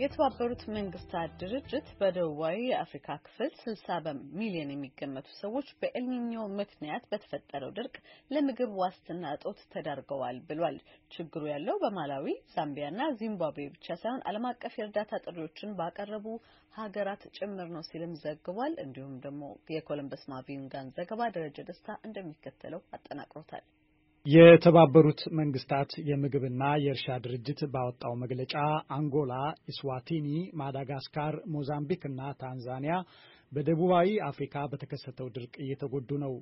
የተባበሩት መንግስታት ድርጅት በደቡባዊ የአፍሪካ ክፍል 60 ሚሊዮን የሚገመቱ ሰዎች በኤልኒኞ ምክንያት በተፈጠረው ድርቅ ለምግብ ዋስትና እጦት ተዳርገዋል ብሏል። ችግሩ ያለው በማላዊ፣ ዛምቢያና ዚምባብዌ ብቻ ሳይሆን ዓለም አቀፍ የእርዳታ ጥሪዎችን ባቀረቡ ሀገራት ጭምር ነው ሲልም ዘግቧል። እንዲሁም ደግሞ የኮለምበስ ማቪንጋን ዘገባ ደረጀ ደስታ እንደሚከተለው አጠናቅሮታል። የተባበሩት መንግስታት የምግብና የእርሻ ድርጅት ባወጣው መግለጫ አንጎላ፣ ኢስዋቲኒ፣ ማዳጋስካር፣ ሞዛምቢክ እና ታንዛኒያ በደቡባዊ አፍሪካ በተከሰተው ድርቅ እየተጎዱ ነው።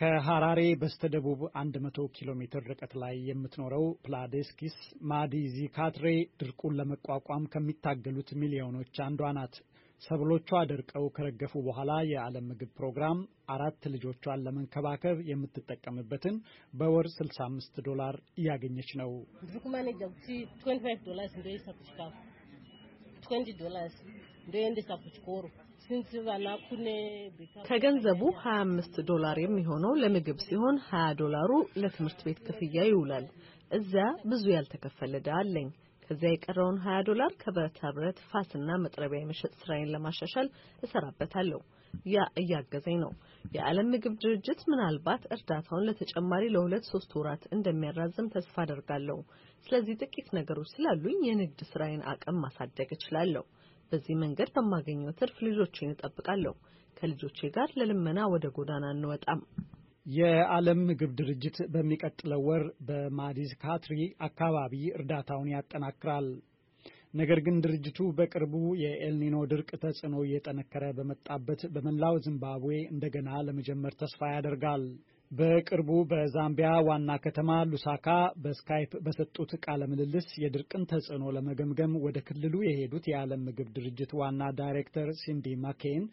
ከሐራሬ በስተደቡብ 100 ኪሎ ሜትር ርቀት ላይ የምትኖረው ፕላዴስኪስ ማዲዚካትሬ ድርቁን ለመቋቋም ከሚታገሉት ሚሊዮኖች አንዷ ናት። ሰብሎቿ ደርቀው ከረገፉ በኋላ የዓለም ምግብ ፕሮግራም አራት ልጆቿን ለመንከባከብ የምትጠቀምበትን በወር 65 ዶላር እያገኘች ነው። ከገንዘቡ 25 ዶላር የሚሆነው ለምግብ ሲሆን 20 ዶላሩ ለትምህርት ቤት ክፍያ ይውላል። እዚያ ብዙ ያልተከፈለ ዕዳ አለኝ። ከዚያ የቀረውን 20 ዶላር ከብረታ ብረት ፋስና መጥረቢያ የመሸጥ ስራዬን ለማሻሻል እሰራበታለሁ። ያ እያገዘኝ ነው። የዓለም ምግብ ድርጅት ምናልባት እርዳታውን ለተጨማሪ ለሁለት ሶስት ወራት እንደሚያራዝም ተስፋ አደርጋለሁ። ስለዚህ ጥቂት ነገሮች ስላሉኝ የንግድ ስራዬን አቅም ማሳደግ እችላለሁ። በዚህ መንገድ በማገኘው ትርፍ ልጆቼን እጠብቃለሁ። ከልጆቼ ጋር ለልመና ወደ ጎዳና እንወጣም። የዓለም ምግብ ድርጅት በሚቀጥለው ወር በማዲዝ ካትሪ አካባቢ እርዳታውን ያጠናክራል። ነገር ግን ድርጅቱ በቅርቡ የኤልኒኖ ድርቅ ተጽዕኖ እየጠነከረ በመጣበት በመላው ዚምባብዌ እንደገና ለመጀመር ተስፋ ያደርጋል። በቅርቡ በዛምቢያ ዋና ከተማ ሉሳካ በስካይፕ በሰጡት ቃለ ምልልስ የድርቅን ተጽዕኖ ለመገምገም ወደ ክልሉ የሄዱት የዓለም ምግብ ድርጅት ዋና ዳይሬክተር ሲንዲ ማኬን